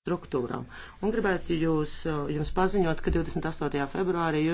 struktūrām. Un gribētu jūs, uh, jums paziņot, ka 28. februārī